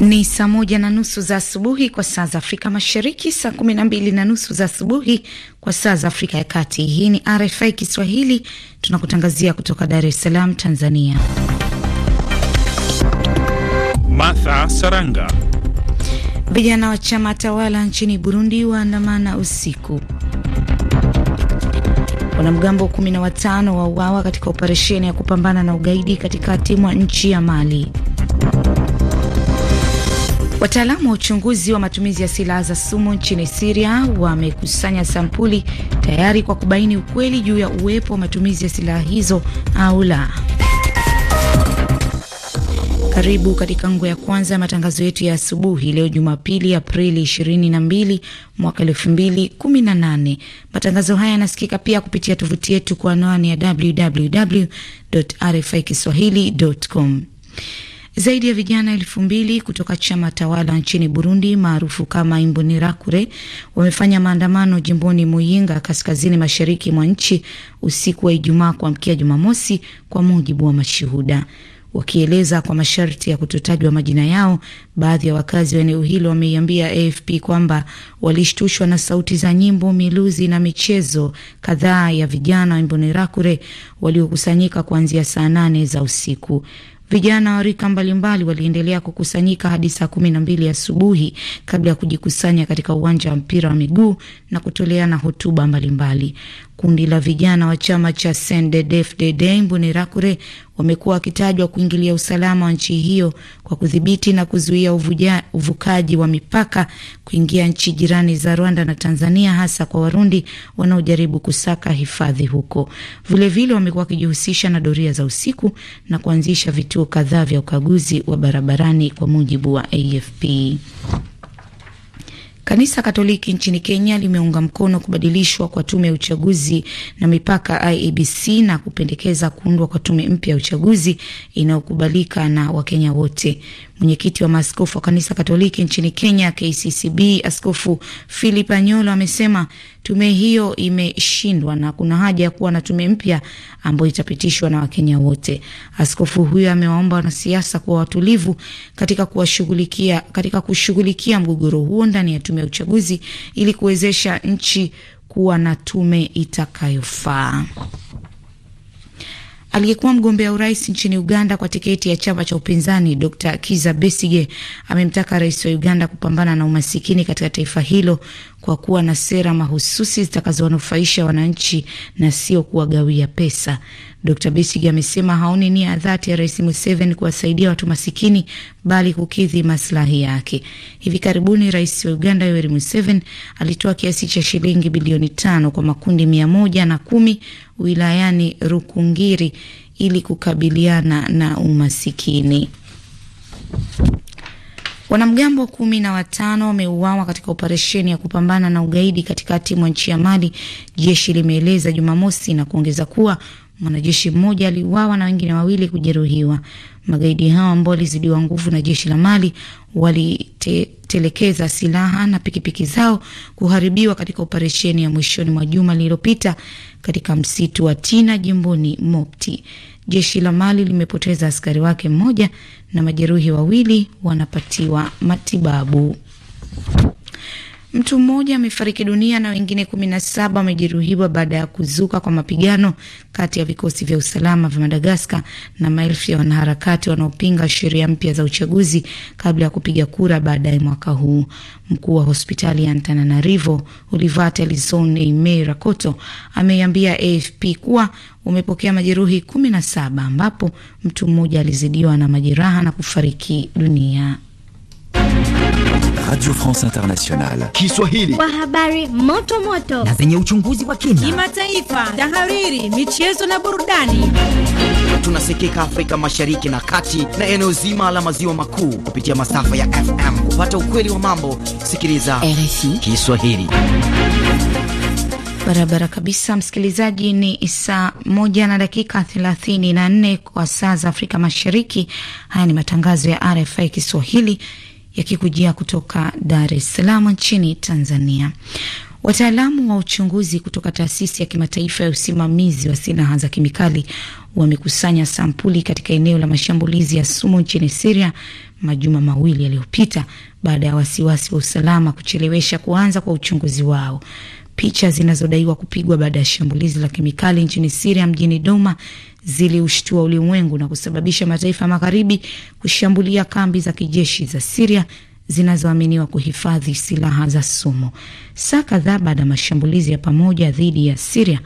Ni saa moja na nusu za asubuhi kwa saa za Afrika Mashariki, saa kumi na mbili na nusu za asubuhi kwa saa za Afrika ya Kati. Hii ni RFI Kiswahili, tunakutangazia kutoka Dar es Salaam, Tanzania. Martha Saranga. Vijana wa chama tawala nchini Burundi waandamana usiku. Wanamgambo 15 wauawa katika operesheni ya kupambana na ugaidi katikati mwa nchi ya Mali. Wataalamu wa uchunguzi wa matumizi ya silaha za sumu nchini Siria wamekusanya sampuli tayari kwa kubaini ukweli juu ya uwepo wa matumizi ya silaha hizo au la. Karibu katika nguo ya kwanza ya matangazo yetu ya asubuhi leo Jumapili, Aprili 22 mwaka 2018. Matangazo haya yanasikika pia kupitia tovuti yetu kwa anwani ya www rfi kiswahili.com. Zaidi ya vijana elfu mbili kutoka chama tawala nchini Burundi maarufu kama Imbonerakure wamefanya maandamano jimboni Muyinga, kaskazini mashariki mwa nchi usiku wa Ijumaa kuamkia Jumamosi, kwa mujibu wa mashuhuda wakieleza kwa masharti ya kutotajwa majina yao. Baadhi ya wakazi wa eneo hilo wameiambia AFP kwamba walishtushwa na sauti za nyimbo, miluzi na michezo kadhaa ya vijana wa Imbonerakure waliokusanyika kuanzia saa nane za usiku. Vijana wa rika mbalimbali waliendelea kukusanyika hadi saa kumi na mbili asubuhi kabla ya kujikusanya katika uwanja wa mpira wa miguu na kutoleana hotuba mbalimbali. Kundi la vijana wa chama cha CNDD-FDD Imbonerakure wamekuwa wakitajwa kuingilia usalama wa nchi hiyo kwa kudhibiti na kuzuia uvuja, uvukaji wa mipaka kuingia nchi jirani za Rwanda na Tanzania, hasa kwa Warundi wanaojaribu kusaka hifadhi huko. Vilevile wamekuwa wakijihusisha na doria za usiku na kuanzisha vituo kadhaa vya ukaguzi wa barabarani, kwa mujibu wa AFP. Kanisa Katoliki nchini Kenya limeunga mkono kubadilishwa kwa tume ya uchaguzi na mipaka IEBC na kupendekeza kuundwa kwa tume mpya ya uchaguzi inayokubalika na Wakenya wote. Mwenyekiti wa maaskofu wa kanisa Katoliki nchini Kenya, KCCB, Askofu Philip Anyolo amesema tume hiyo imeshindwa na kuna haja ya kuwa na tume mpya ambayo itapitishwa na Wakenya wote. Askofu huyo amewaomba wanasiasa kuwa watulivu katika kuwashughulikia katika kushughulikia mgogoro huo ndani ya tume ya uchaguzi ili kuwezesha nchi kuwa na tume itakayofaa. Aliyekuwa mgombea urais nchini Uganda kwa tiketi ya chama cha upinzani Dr Kiza Besige amemtaka rais wa Uganda kupambana na umasikini katika taifa hilo kwa kuwa na sera mahususi zitakazowanufaisha wananchi na sio kuwagawia pesa. Dkt Besigye amesema haoni nia ya dhati ya Rais Museveni kuwasaidia watu masikini bali kukidhi maslahi yake. Hivi karibuni Rais wa Uganda Yoweri Museveni alitoa kiasi cha shilingi bilioni tano kwa makundi mia moja na kumi wilayani Rukungiri ili kukabiliana na umasikini. Wanamgambo kumi na watano wameuawa katika operesheni ya kupambana na ugaidi katikati mwa nchi ya Mali, jeshi limeeleza Jumamosi na kuongeza kuwa Mwanajeshi mmoja aliuawa na wengine wawili kujeruhiwa. Magaidi hao ambao walizidiwa nguvu na jeshi la Mali walitelekeza te silaha na pikipiki zao kuharibiwa katika operesheni ya mwishoni mwa juma lililopita katika msitu wa Tina jimboni Mopti. Jeshi la Mali limepoteza askari wake mmoja na majeruhi wawili wanapatiwa matibabu. Mtu mmoja amefariki dunia na wengine kumi na saba wamejeruhiwa baada ya kuzuka kwa mapigano kati ya vikosi vya usalama vya Madagaskar na maelfu ya wanaharakati wanaopinga sheria mpya za uchaguzi kabla ya kupiga kura baadaye mwaka huu. Mkuu wa hospitali ya Antananarivo Olivate Alison Eime Rakoto ameiambia AFP kuwa umepokea majeruhi kumi na saba ambapo mtu mmoja alizidiwa na majeraha na kufariki dunia. Radio France Internationale. Kiswahili. Kwa habari moto moto na zenye uchunguzi wa kina, kimataifa, tahariri, michezo na burudani. Tunasikika Afrika Mashariki na Kati na eneo zima la maziwa makuu kupitia masafa ya FM. Kupata ukweli wa mambo, sikiliza RFI Kiswahili. Barabara kabisa, msikilizaji. Ni saa moja na dakika thelathini na nne kwa saa za Afrika Mashariki. Haya ni matangazo ya RFI Kiswahili yakikujia kutoka Dar es Salaam nchini Tanzania. Wataalamu wa uchunguzi kutoka taasisi ya kimataifa ya usimamizi wa silaha za kemikali wamekusanya sampuli katika eneo la mashambulizi ya sumu nchini Siria majuma mawili yaliyopita baada ya wasiwasi wa usalama kuchelewesha kuanza kwa uchunguzi wao. Picha zinazodaiwa kupigwa baada ya shambulizi la kemikali nchini Siria mjini Doma ziliushtua ulimwengu na kusababisha mataifa magharibi kushambulia kambi za kijeshi za Siria zinazoaminiwa kuhifadhi silaha za sumu. Saa kadhaa baada ya mashambulizi ya pamoja dhidi ya Siria,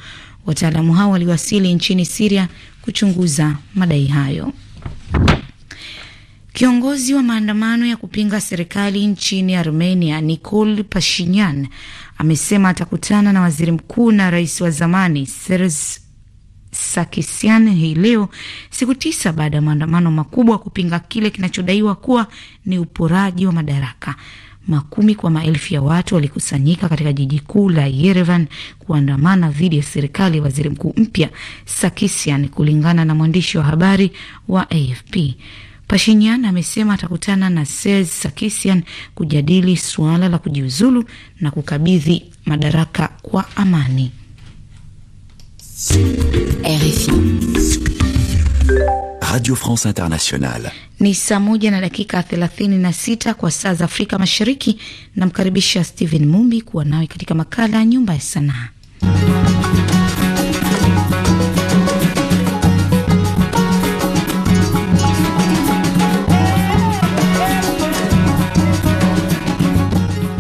wataalamu hao waliwasili nchini Siria kuchunguza madai hayo. Kiongozi wa maandamano ya kupinga serikali nchini Armenia, Nikol Pashinyan, amesema atakutana na waziri mkuu na rais wa zamani Sergei sakisian hii leo, siku tisa baada ya maandamano makubwa kupinga kile kinachodaiwa kuwa ni uporaji wa madaraka. Makumi kwa maelfu ya watu walikusanyika katika jiji kuu la Yerevan kuandamana dhidi ya serikali ya waziri mkuu mpya sakisian kulingana na mwandishi wa habari wa AFP. Pashinyan amesema atakutana na Ses sakisian kujadili suala la kujiuzulu na kukabidhi madaraka kwa amani. RFI. Radio France Internationale. Ni saa moja na dakika 36 kwa saa za Afrika Mashariki. Namkaribisha Steven Mumbi kuwa nawe katika makala ya Nyumba ya Sanaa.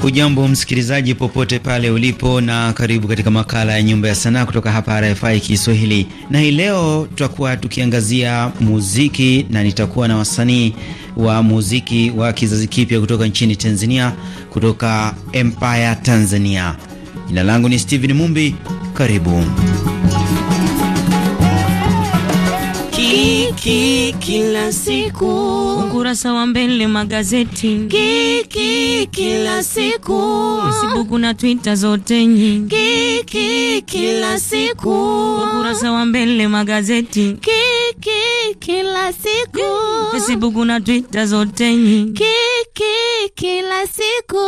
Hujambo msikilizaji, popote pale ulipo, na karibu katika makala ya Nyumba ya Sanaa kutoka hapa RFI Kiswahili. Na hii leo tutakuwa tukiangazia muziki na nitakuwa na wasanii wa muziki wa kizazi kipya kutoka nchini Tanzania, kutoka Empire Tanzania. Jina langu ni Steven Mumbi, karibu. Ki kila siku ukurasa wa mbele magazeti Ki, ki kila siku Facebook na Twitter zote nyi Ki, ki kila siku ukurasa wa mbele magazeti Ki, ki kila siku Facebook na Twitter zote nyi Ki, ki kila siku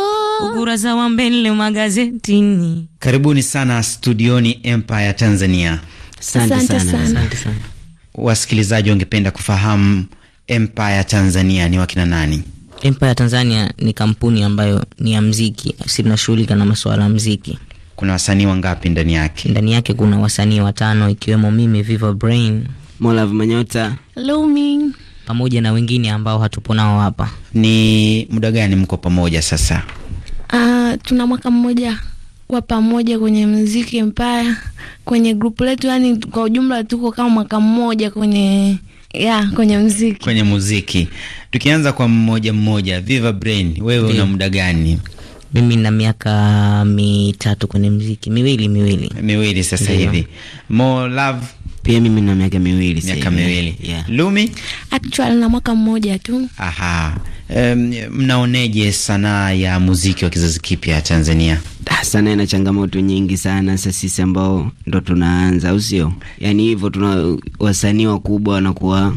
ukurasa wa mbele magazeti magazetini. Karibuni sana studioni Empire Tanzania. Asante sana. Asante sana wasikilizaji wangependa kufahamu Empire Tanzania ni wakina nani? Empire Tanzania ni kampuni ambayo ni ya mziki, si tunashughulika na masuala ya mziki. Kuna wasanii wangapi ndani yake? Ndani yake kuna wasanii watano ikiwemo mimi Viva Brain, Molav Manyota, Looming pamoja na wengine ambao hatupo nao hapa. Ni muda gani mko pamoja sasa? Uh, tuna mwaka mmoja kwa pamoja kwenye mziki mpaya kwenye grupu letu, yani kwa ujumla tuko kama mwaka mmoja kwenye ya, kwenye mziki kwenye muziki. Tukianza kwa mmoja mmoja, Viva Brain, wewe una muda gani? Mimi na miaka mitatu kwenye mziki miwili miwili miwili sasa hivi. More Love pia mimi na miaka miwili, miaka miwili. Lumi actual na mwaka mmoja tu. Aha um, mnaoneje sanaa ya muziki wa kizazi kipya Tanzania? Ah, sanaa ina changamoto nyingi sana, sa sisi ambao ndo tunaanza, au sio? Yani hivyo tuna wasanii wakubwa wanakuwa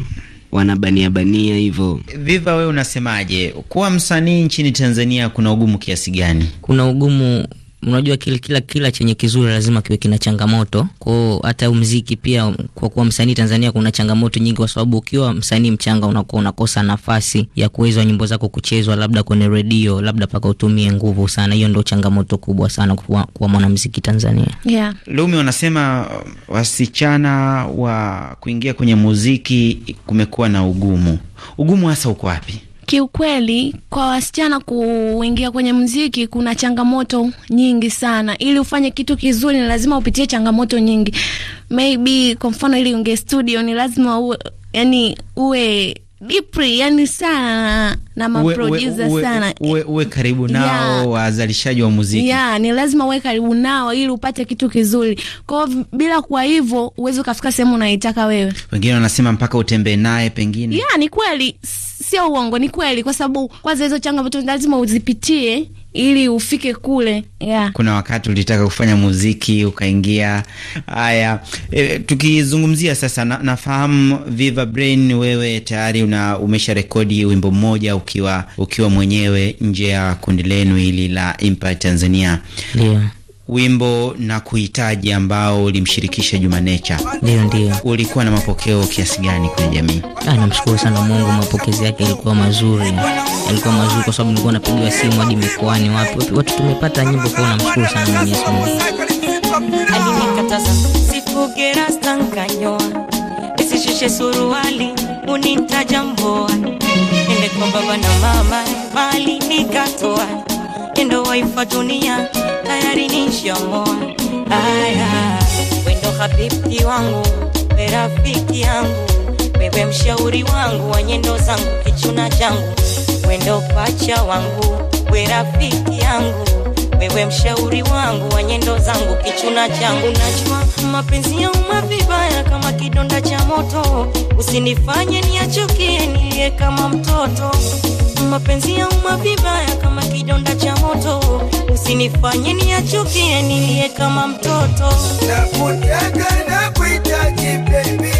wanabania bania hivyo. Viva, wewe unasemaje, kuwa msanii nchini Tanzania kuna ugumu kiasi gani? Kuna ugumu unajua kila, kila, kila chenye kizuri lazima kiwe kina changamoto. Kwao hata muziki pia, kwa kuwa msanii Tanzania kuna changamoto nyingi, kwa sababu ukiwa msanii mchanga unakuwa unakosa nafasi ya kuwezwa nyimbo zako kuchezwa labda kwenye redio, labda paka utumie nguvu sana. Hiyo ndio changamoto kubwa sana kwa, kwa mwanamuziki Tanzania. Yeah. Lumi wanasema uh, wasichana wa kuingia kwenye muziki kumekuwa na ugumu. Ugumu hasa uko wapi? kiukweli, kwa wasichana kuingia kwenye mziki kuna changamoto nyingi sana. Ili ufanye kitu kizuri, ni lazima upitie changamoto nyingi. Maybe kwa mfano, ili unge studio ni lazima uwe, yani uwe dipri yani sana na maprodusa sana, uwe, uwe karibu nao yeah. Wazalishaji wa muziki yeah, ni lazima uwe karibu nao ili upate kitu kizuri. kwao bila kuwa hivyo, uwezi ukafika sehemu unaitaka wewe. Wengine wanasema mpaka utembee naye pengine. Yeah, ni kweli sio uongo, ni kweli, kwa sababu kwanza hizo changamoto lazima uzipitie ili ufike kule yeah. Kuna wakati ulitaka kufanya muziki ukaingia haya. E, tukizungumzia sasa na, nafahamu Viva Brain, wewe tayari una umesha rekodi wimbo mmoja ukiwa ukiwa mwenyewe nje ya kundi lenu hili la Impact Tanzania yeah wimbo na kuhitaji ambao ulimshirikisha Juma Nature. Ndio, ndio. Ulikuwa na mapokeo kiasi gani kwenye jamii? Ah, namshukuru sana Mungu, mapokezi yake yalikuwa mazuri, yalikuwa mazuri kwa sababu nilikuwa napigiwa simu hadi mikoani, wapi watu tumepata nyimbo kwao. Namshukuru sana Mwenyezi Mungu. Alinikataza sifugera stankanyoa isishishe suruali unitaja mboa, nende kwa baba na mama mali nikatoa boy dunia tayari nishamona. Aya, wendo habibi wangu, we rafiki yangu, wewe mshauri wangu wa nyendo zangu, kichuna changu, wendo pacha wangu, we rafiki yangu, wewe mshauri wangu wa nyendo zangu, kichuna changu. Najua mapenzi uma vibaya kama kidonda cha moto, usinifanye niachukie, nilie kama mtoto mapenzi ya uma vibaya kama kidonda cha moto, usinifanye niachukie nilie kama mtoto. Nakutaka na kuhitaji baby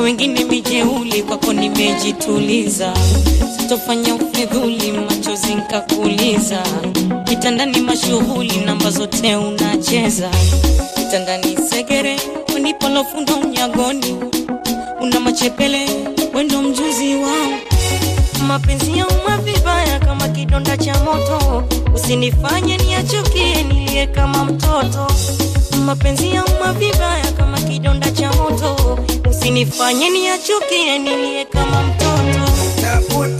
kwa wengine mijeuli, kwako nimejituliza, sitofanya ufidhuli, machozi nkakuliza, kitandani mashughuli, namba zote unacheza kitandani, segere wenipalofundo nyagoni, una machepele wendo mjuzi wao, mapenzi ya uma vibaya kama kidonda cha moto usinifanye niachoke nilie kama mtoto, mapenzi ya uma vibaya kama kidonda cha moto, usinifanye niachoke nilie kama mtoto.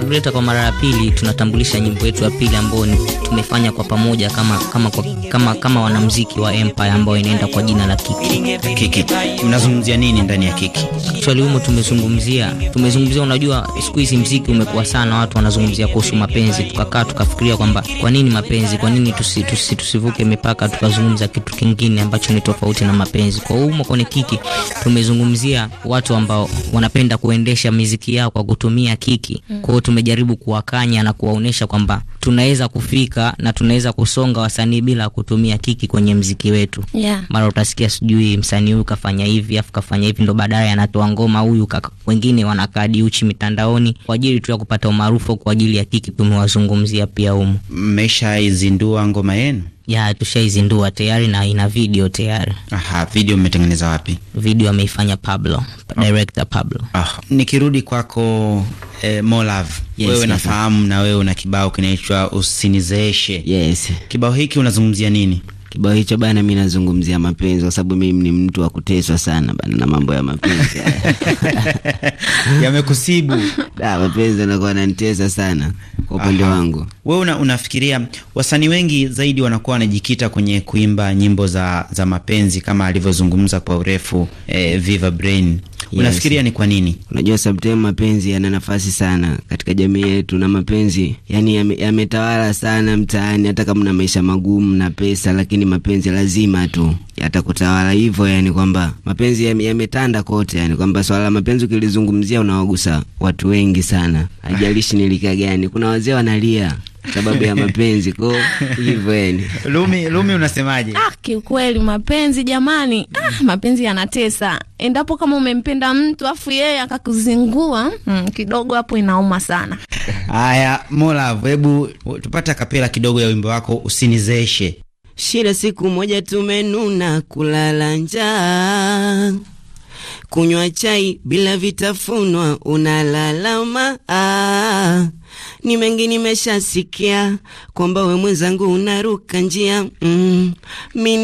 tulileta kwa mara ya pili, tunatambulisha nyimbo yetu ya pili ambayo tumefanya kwa pamoja kama, kama, kama, kama wanamuziki wa Empire ambayo inaenda kwa jina la Kiki. Kiki, mnazungumzia nini ndani ya Kiki? swali humo tumezungumzia, tumezungumzia. Unajua, siku hizi mziki umekuwa sana, watu wanazungumzia kuhusu mapenzi, tukakaa tukafikiria kwamba kwa nini mapenzi, kwa nini tusi, tusi, tusivuke mipaka tukazungumza kitu kingine ambacho ni tofauti na mapenzi. Kwa humo kwenye kiki tumezungumzia watu ambao wanapenda kuendesha miziki yao kwa kutumia kiki. Mm. Kwa hiyo tumejaribu kuwakanya na kuwaonesha kwamba tunaweza kufika na tunaweza kusonga wasanii bila kutumia kiki kwenye mziki wetu. Yeah. Mara utasikia sijui msanii huyu kafanya hivi afu kafanya hivi ndo baadaye anatoa ngoma huyu Wengine wanakadi uchi mitandaoni kwa ajili tu ya kupata umaarufu, kwa ajili ya kiki tumewazungumzia pia humu. Mmeshaizindua ngoma yenu? Ya, tushaizindua tayari na ina video tayari. Aha, video mmetengeneza wapi? Video ameifanya Pablo, ah. director Pablo. Aha. Nikirudi kwako eh, Molav. Yes, wewe nafahamu na wewe una kibao kinaitwa Usinizeeshe. Yes. Kibao hiki unazungumzia nini? Kibao hicho bana, mi nazungumzia mapenzi, kwa sababu mimi ni mtu wa kuteswa sana bana na mambo ya mapenzi yamekusibu. Da, mapenzi yanakuwa yananitesa sana kwa upande wangu. Wewe una, unafikiria wasanii wengi zaidi wanakuwa wanajikita kwenye kuimba nyimbo za, za mapenzi kama alivyozungumza kwa urefu eh, Viva Brain Yes. Unafikiria ni kwa nini? Unajua, sometimes mapenzi yana nafasi sana katika jamii yetu, na mapenzi yani yametawala yame sana mtaani, hata kama na maisha magumu na pesa, lakini yani mapenzi lazima tu yatakutawala hivyo, yani kwamba mapenzi yametanda ya kote, yani kwamba swala la mapenzi ukilizungumzia unawagusa watu wengi sana, haijalishi nilika gani. Kuna wazee wanalia sababu ya mapenzi ko hivyo yani. Lumi, Lumi unasemaje? Ah, kiukweli mapenzi jamani, ah, mapenzi yanatesa. Endapo kama umempenda mtu afu yeye akakuzingua, mm, kidogo hapo inauma sana. Haya, Mola, hebu tupata kapela kidogo ya wimbo wako usinizeshe shira siku moja tumenuna, kulala njaa, kunywa chai bila vitafunwa, unalalama ah. Ni mengi nimeshasikia, kwamba we mwenzangu unaruka njia mm. mi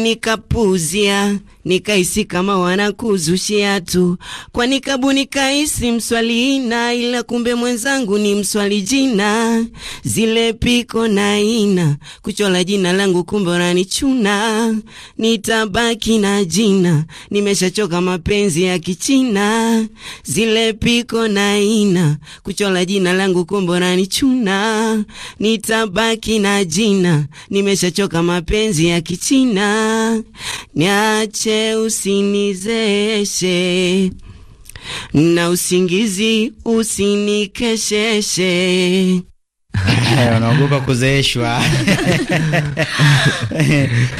nikaisi kama wanakuzushia tu, kwani kabu nikaisi ina, ila kumbe mwenzangu ni mswali jina, zile piko na ina kuchola jina langu, kumbe chuna nitabaki na jina, nimeshachoka mapenzi ya Kichina, zile piko na ina kuchola jina langu, kumbe chuna nitabaki na jina, nimeshachoka mapenzi ya Kichina, niache usinizeshe na usingizi usinikesheshe. Unaogopa kuzeeshwa.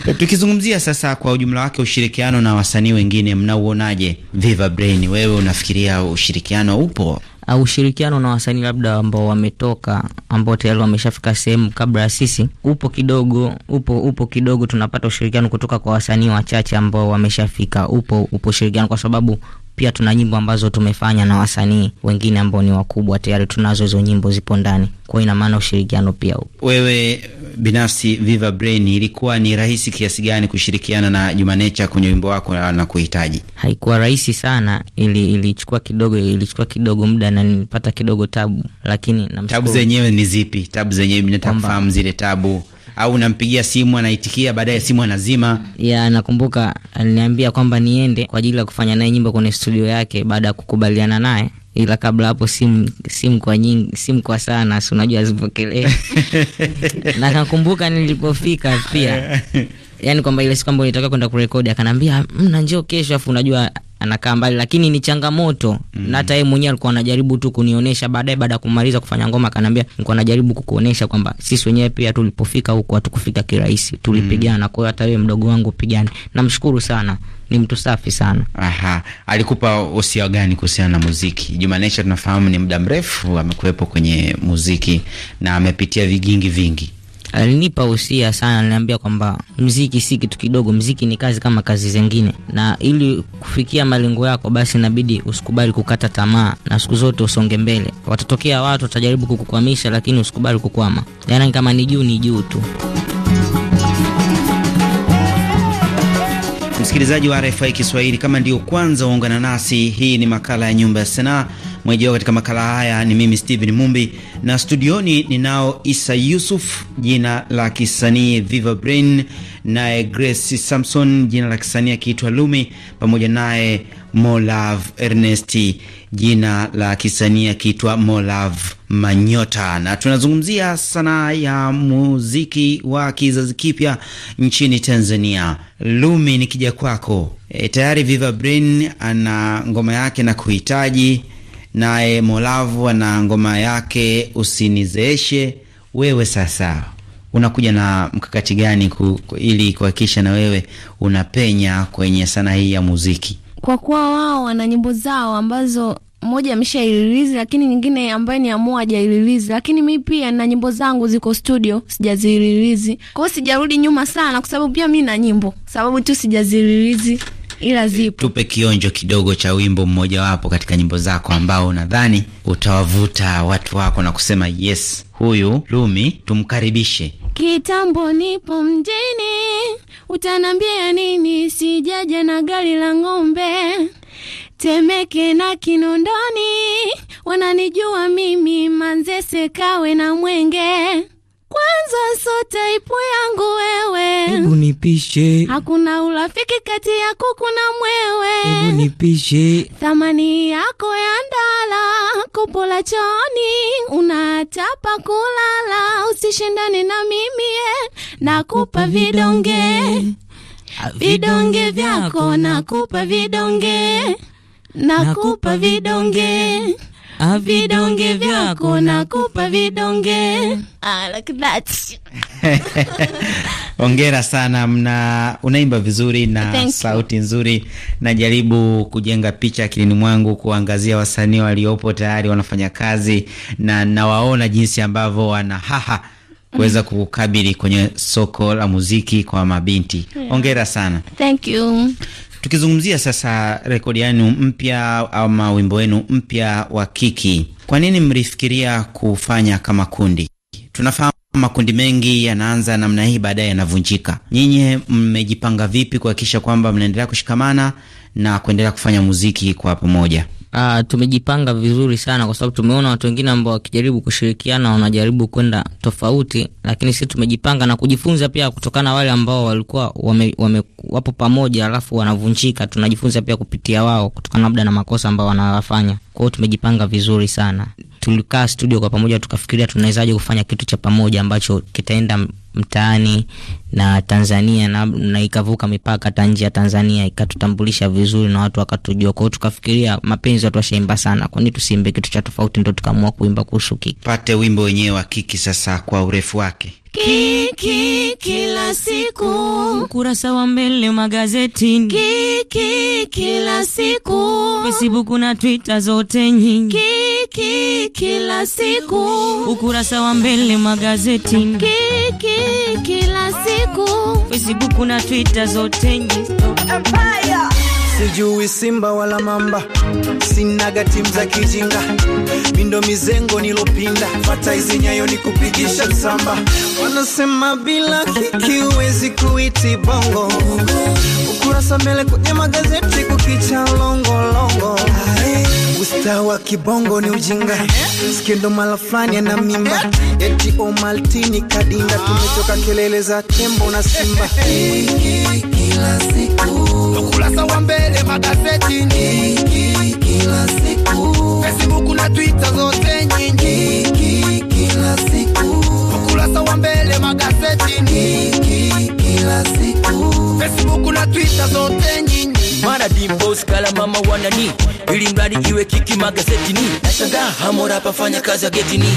Tukizungumzia sasa kwa ujumla wake ushirikiano na wasanii wengine mnauonaje? Viva Brain, wewe unafikiria ushirikiano upo? uh, ushirikiano na wasanii labda ambao wametoka ambao tayari wameshafika sehemu kabla ya sisi upo kidogo, upo upo kidogo. Tunapata ushirikiano kutoka kwa wasanii wachache ambao wameshafika, upo upo ushirikiano kwa sababu pia tuna nyimbo ambazo tumefanya na wasanii wengine ambao ni wakubwa tayari, tunazo hizo nyimbo zipo ndani, kwa ina maana ushirikiano pia upo. Wewe binafsi Viva Brain, ilikuwa ni rahisi kiasi gani kushirikiana na Juma Nature kwenye wimbo wako na kuhitaji? Haikuwa rahisi sana, ili ilichukua kidogo ilichukua kidogo muda na nilipata kidogo tabu, lakini tabu zenyewe ni zipi? Tabu zenyewe nataka kufahamu zile tabu au unampigia simu anaitikia, baadaye simu anazima. Ya, nakumbuka aliniambia kwamba niende kwa ajili ya kufanya naye nyimbo kwenye studio yake baada ya kukubaliana naye ila kabla hapo simu simu kwa nyingi simu kwa sana, si unajua zipokelee. na nakumbuka nilipofika pia, yani kwamba ile siku ambayo nitaka kwenda kurekodi akanambia mna mm, njoo kesho, afu unajua anakaa mbali, lakini ni changamoto mm Na hata yeye mwenyewe alikuwa anajaribu tu kunionyesha, baadaye baada ya kumaliza kufanya ngoma akaniambia, nilikuwa najaribu kukuonesha kwamba sisi wenyewe pia tulipofika huko hatukufika kirahisi, tulipigana mm Kwa hiyo hata wewe mdogo wangu pigane. Namshukuru sana, ni mtu safi sana. Aha, alikupa usia gani kuhusiana na muziki? Jumanesha tunafahamu ni muda mrefu amekuwepo kwenye muziki na amepitia vigingi vingi alinipa usia sana, aliniambia kwamba mziki si kitu kidogo, mziki ni kazi kama kazi zingine, na ili kufikia malengo yako, basi inabidi usikubali kukata tamaa, na siku zote usonge mbele. Watatokea watu watajaribu kukukwamisha, lakini usikubali kukwama. Yaani kama ni juu ni juu tu. msikilizaji wa RFI Kiswahili, kama ndio kwanza waungana nasi, hii ni makala ya Nyumba ya Sanaa. Mweji wao katika makala haya ni mimi Steven Mumbi, na studioni ninao Isa Yusuf, jina la kisanii Viva Brain, naye Grace Samson, jina la kisanii akiitwa Lumi, pamoja naye Molav Ernesti jina la kisanii akiitwa Molav Manyota, na tunazungumzia sanaa ya muziki wa kizazi kipya nchini Tanzania. Lumi, nikija kwako, e, tayari Viva Brain ana ngoma yake na kuhitaji, naye Molavu ana ngoma yake usinizeeshe. Wewe sasa unakuja na mkakati gani ku, ku, ili kuhakikisha na wewe unapenya kwenye sanaa hii ya muziki? kwa kuwa wao wana nyimbo zao ambazo moja ilirizi lakini nyingine ambaye ni amua hajairilizi, lakini mi pia na nyimbo zangu ziko studio sijazirilizi. kwao, sijarudi nyuma sana, kwa sababu pia mi na nyimbo, sababu tu sijazirilizi ila eh, zipo. Tupe kionjo kidogo cha wimbo mmojawapo katika nyimbo zako ambao nadhani utawavuta watu wako na kusema yes, huyu Lumi tumkaribishe. Kitambo nipo mjini, utanambia nini? Sijaja na gari la ng'ombe Temeke na Kinondoni wananijua mimi, Manzese, Kawe na Mwenge mwanzo sote ipo yangu wewe, hebu nipishe. Hakuna urafiki kati yako kuna na mwewe, hebu nipishe. Thamani yako ya ndala kupola choni unatapa kulala, usishindane na mimi, nakupa vidonge vidonge vyako, nakupa vidonge, nakupa vidonge vidonge vyako kupa vidonge. Ah, like that. Hongera sana mna, unaimba vizuri na Thank sauti you nzuri. Najaribu kujenga picha akilini mwangu kuangazia wasanii waliopo tayari wanafanya kazi na nawaona jinsi ambavyo wana haha kuweza kukabili kwenye soko la muziki kwa mabinti. Hongera yeah sana. Thank you. Tukizungumzia sasa rekodi yenu mpya ama wimbo wenu mpya wa Kiki, kwa nini mlifikiria kufanya kama kundi? Tunafahamu makundi mengi yanaanza namna hii, baadaye yanavunjika. Nyinyi mmejipanga vipi kuhakikisha kwamba mnaendelea kushikamana na kuendelea kufanya muziki kwa pamoja? Uh, tumejipanga vizuri sana kwa sababu tumeona watu wengine ambao wakijaribu kushirikiana wanajaribu kwenda tofauti, lakini sisi tumejipanga na kujifunza pia kutokana wale ambao walikuwa wame, wame, wapo pamoja alafu wanavunjika. Tunajifunza pia kupitia wao kutokana labda na makosa ambao wanayafanya. Kwa hiyo tumejipanga vizuri sana, tulikaa studio kwa pamoja, tukafikiria tunawezaje kufanya kitu cha pamoja ambacho kitaenda mtaani na Tanzania na, na ikavuka mipaka hata nje ya Tanzania ikatutambulisha vizuri na watu wakatujua. Kwa hiyo tukafikiria mapenzi watu washaimba sana, kwa nini tusiimbe kitu cha tofauti? Ndo tukaamua kuimba kuhusu kiki. Pate wimbo wenyewe wa kiki sasa kwa urefu wake Kiki kila siku, ukurasa wa mbele magazetini. Kiki kila siku, Facebook na Twitter zote nyingi. Kiki kila siku, ukurasa wa mbele magazetini. Kiki kila siku, Facebook na Twitter zote nyingi. Empire sijui simba wala mamba, sinaga timu za kijinga, mindo mizengo nilopinda, fata hizi nyayo ni kupigisha samba. Wanasema bila kiki huwezi kuiti bongo, ukurasa mbele kwenye magazeti kukicha longolongo longo. Usta wa kibongo ni ujinga, skendo mala fulani ana mimba, eti Omaltini kadinda tumetoka kelele za tembo na simba kila siku, ukurasa wa mbele magazeti nyingi kila siku, Facebook na Twitter zote nyingi kila siku, ukurasa wa mbele magazeti nyingi kila siku, Facebook na Twitter zote nyingi mara dimpos kala mama wanani ili mradi iwe kiki magazetini nashangaa hamora pafanya kazi ya getini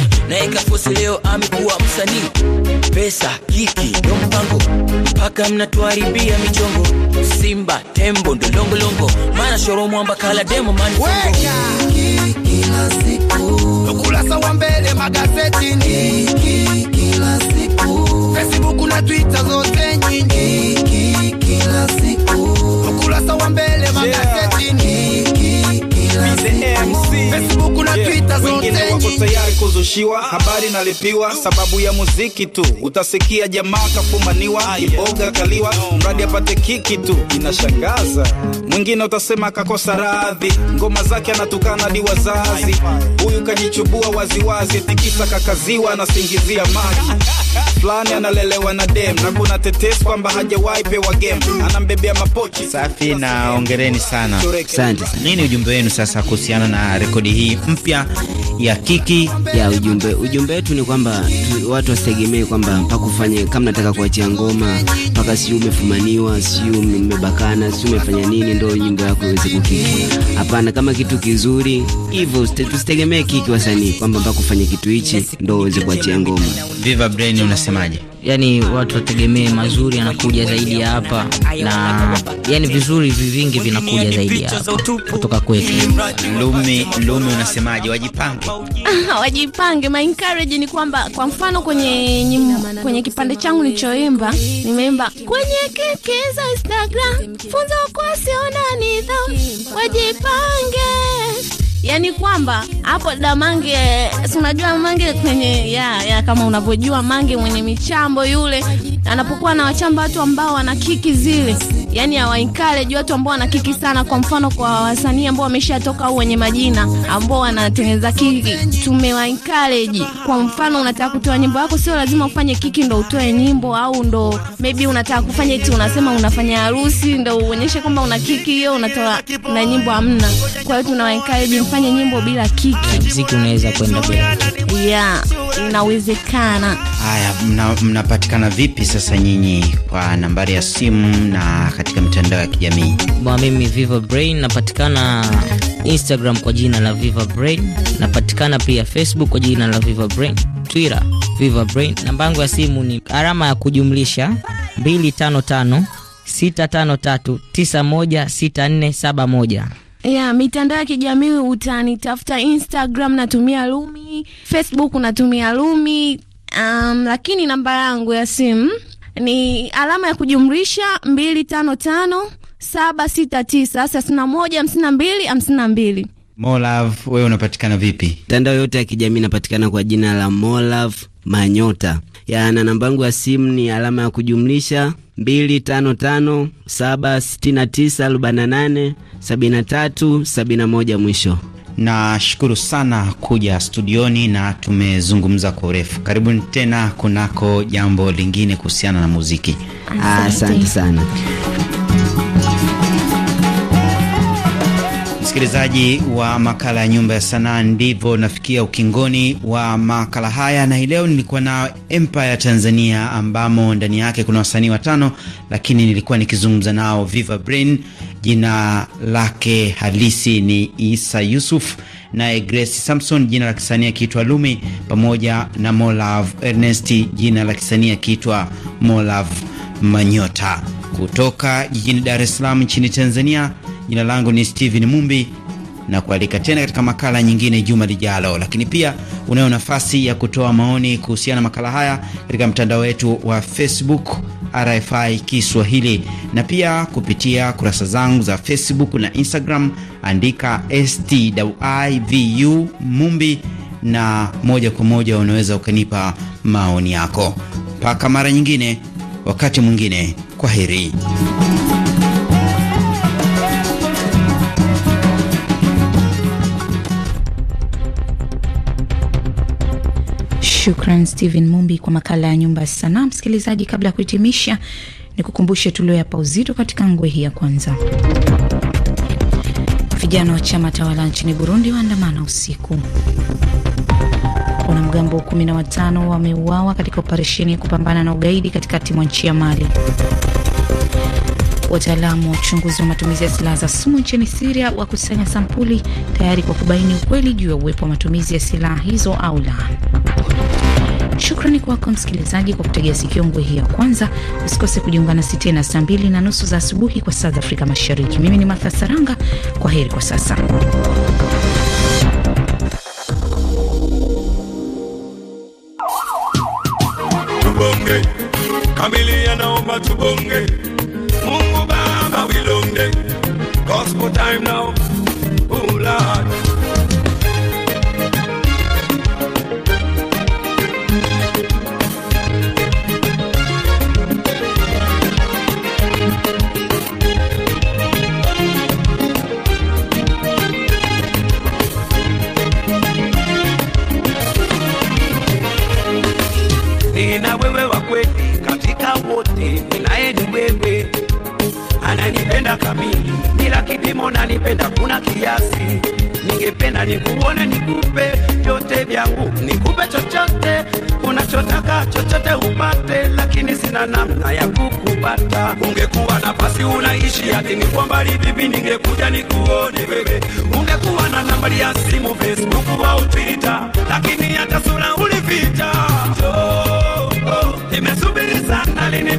eka fosi leo amekuwa msanii pesa kiki ndo mpango mpaka mnatuharibia michongo simba tembo ndo longolongo mana shoromwamba kala demo mani siku ukurasa wa mbele magazetini kila siku facebook na twitter zote nyingi kila siku ukurasa wa mbele magazetini yeah. Facebook na Twitter zote wako tayari kuzushiwa habari nalipiwa, sababu ya muziki tu utasikia jamaa kafumaniwa, ah, iboga kaliwa, mradi apate kiki tu, inashangaza. Mwingine utasema akakosa radhi, ngoma zake anatukana di wazazi, huyu kajichubua waziwazi, tikisa kakaziwa, anasingizia maji fulani analelewa na dem na kuna tetesi kwamba hajawahi pewa game, anambebea mapochi safi. Na ongereni sana, asante. Nini ujumbe wenu sasa? kuhusiana na rekodi hii mpya ya kiki ya ujumbe. Ujumbe wetu ni kwamba watu wasitegemee kwamba mpaka ufanye kama nataka kuachia ngoma mpaka siu umefumaniwa, siu umebakana, siu umefanya nini ndio nyimbo yako iweze kukiki. Hapana, kama kitu kizuri hivyo tusitegemee kiki wasanii kwamba mpaka ufanye kitu hichi ndio uweze kuachia ngoma. Viva Brain unasemaje? yaani watu wategemee mazuri yanakuja zaidi ya hapa, na yani vizuri vingi vinakuja zaidi ya hapa kutoka kwetu. Lumi Lumi unasemaje? Wajipange Wajipange. My encourage ni kwamba kwa mfano kwenye nyim, kwenye kipande changu nilichoimba nimeimba kwenye keke za Instagram, funza kwa siona nidhamu, wajipange Yaani kwamba hapo da Mange, si unajua Mange kwenye ya, ya kama unavyojua Mange mwenye michambo yule anapokuwa na wachamba watu ambao wana kiki zile yani hawa encourage watu ambao wana kiki sana. Kwa mfano kwa wasanii ambao wameshatoka au wenye majina ambao wanatengeneza kiki, tumewa encourage. Kwa mfano unataka kutoa nyimbo yako, sio lazima ufanye kiki ndo utoe nyimbo, au ndo maybe unataka kufanya eti unasema unafanya harusi ndo uonyeshe kwamba una kiki hiyo, unatoa na nyimbo hamna. Kwa hiyo tunawa encourage mfanye nyimbo bila kiki, muziki unaweza kwenda bila Yeah inawezekana. Haya, mnapatikana mna vipi sasa nyinyi kwa nambari ya simu na katika mitandao ya kijamii? Bwana, mimi Viva Brain napatikana Instagram kwa jina la Viva Brain, napatikana pia Facebook kwa jina la Viva Brain, Twitter Viva Brain. Namba yangu ya simu ni alama ya kujumlisha 255 653 916471 yeah, mitandao ya kijamii utanitafuta Instagram natumia Lumi, Facebook natumia Lumi. Um, lakini namba yangu ya simu ni alama ya kujumlisha mbili tano tano saba sita tisa thelathini na moja hamsini na mbili hamsini na mbili. Molove, wewe unapatikana vipi? Mitandao yote ya kijamii inapatikana kwa jina la Molove Manyota ya na nambangu ya simu ni alama ya kujumlisha 255769487371 mwisho. Nashukuru sana kuja studioni na tumezungumza kwa urefu. Karibuni tena kunako jambo lingine kuhusiana na muziki. Asante sana. Msikilizaji wa makala ya Nyumba ya Sanaa, ndivyo nafikia ukingoni wa makala haya, na hii leo nilikuwa na Empire Tanzania, ambamo ndani yake kuna wasanii watano, lakini nilikuwa nikizungumza nao Viva Brain, jina lake halisi ni Isa Yusuf, naye Grace Samson jina la kisanii akiitwa Lumi, pamoja na Molav Ernest jina la kisanii akiitwa Molav Manyota kutoka jijini Dar es Salaam nchini Tanzania. Jina langu ni Steven Mumbi na kualika tena katika makala nyingine juma lijalo. Lakini pia unayo nafasi ya kutoa maoni kuhusiana na makala haya katika mtandao wetu wa Facebook RFI Kiswahili, na pia kupitia kurasa zangu za Facebook na Instagram, andika STWIVU Mumbi na moja kwa moja unaweza ukanipa maoni yako. Mpaka mara nyingine, wakati mwingine, kwa heri. Shukran stehen Mumbi kwa makala ya nyumba ya sanaa. Msikilizaji, kabla ya kuhitimisha, ni kukumbushe tulioyapa uzito katika ngwe hii ya kwanza. Vijana wa chama tawala nchini Burundi waandamana usiku. Wanamgambo 15 wameuawa katika operesheni ya kupambana na ugaidi katikati mwa nchi ya Mali. Wataalamu wa uchunguzi wa matumizi ya silaha za sumu nchini Siria wakusanya sampuli tayari kwa kubaini ukweli juu ya uwepo wa matumizi ya silaha hizo au la. Shukrani kwako msikilizaji kwa kutegea sikio hii ya kwanza. Usikose kujiunga nasi tena saa mbili na nusu za asubuhi kwa saa za Afrika Mashariki. Mimi ni Martha Saranga, kwa heri kwa sasa. Tubonge tubonge. Mungu Baba, gospel time now mbona nipenda kuna kiasi, ningependa nikuone, nikupe vyote vyangu, nikupe chochote unachotaka, chochote upate, lakini sina namna ya kukupata. Ungekuwa nafasi unaishi ati ni kwa mbali, vipi ningekuja nikuone wewe? Ungekuwa na nambari ya simu, Facebook au Twitter, lakini hata sura ulificha. Oh, oh, oh, nimesubiri sana lini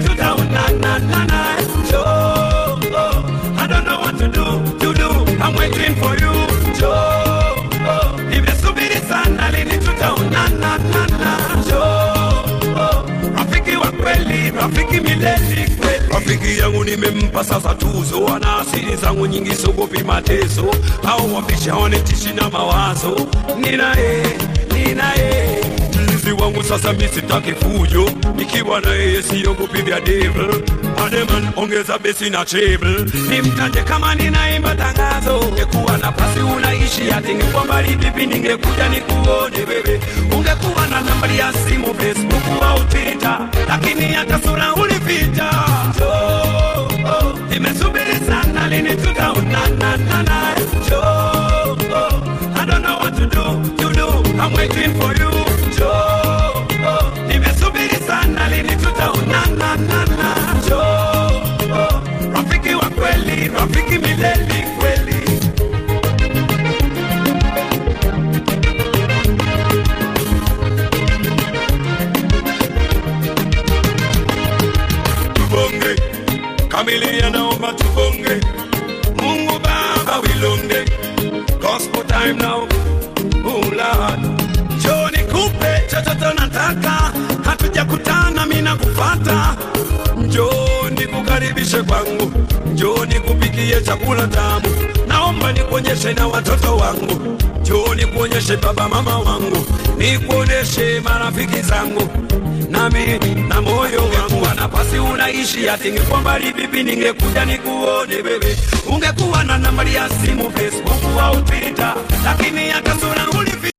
yangu nimempa sasa tuzo, ana asili zangu nyingi, siogopi mateso, hao wapisha wanitishi na mawazo. Ninaye, ninaye mlinzi wangu, sasa mi sitaki fujo, nikiwa na yeye siogopi vya devil. Ademan, ongeza besi na treble, nimtaje kama ninaimba tangazo. Ungekuwa nafasi unaishi ati ningekuwa mbali vipi, ningekuja nikuone wewe. Ungekuwa na nambari ya simu, Facebook au Twitter, lakini hata sura ulipita. Oh. Oh, oh. I don't know what to do, to do, I'm waiting for you baba mama wangu, nikuoneshe marafiki zangu, nami na moyo wangu. Nafasi unaishi ati ningekuwa mbali bibi, ningekuja nikuone bebe. Ungekuwa na nambari ya simu Facebook au Twitter, lakini hata sura ulivyo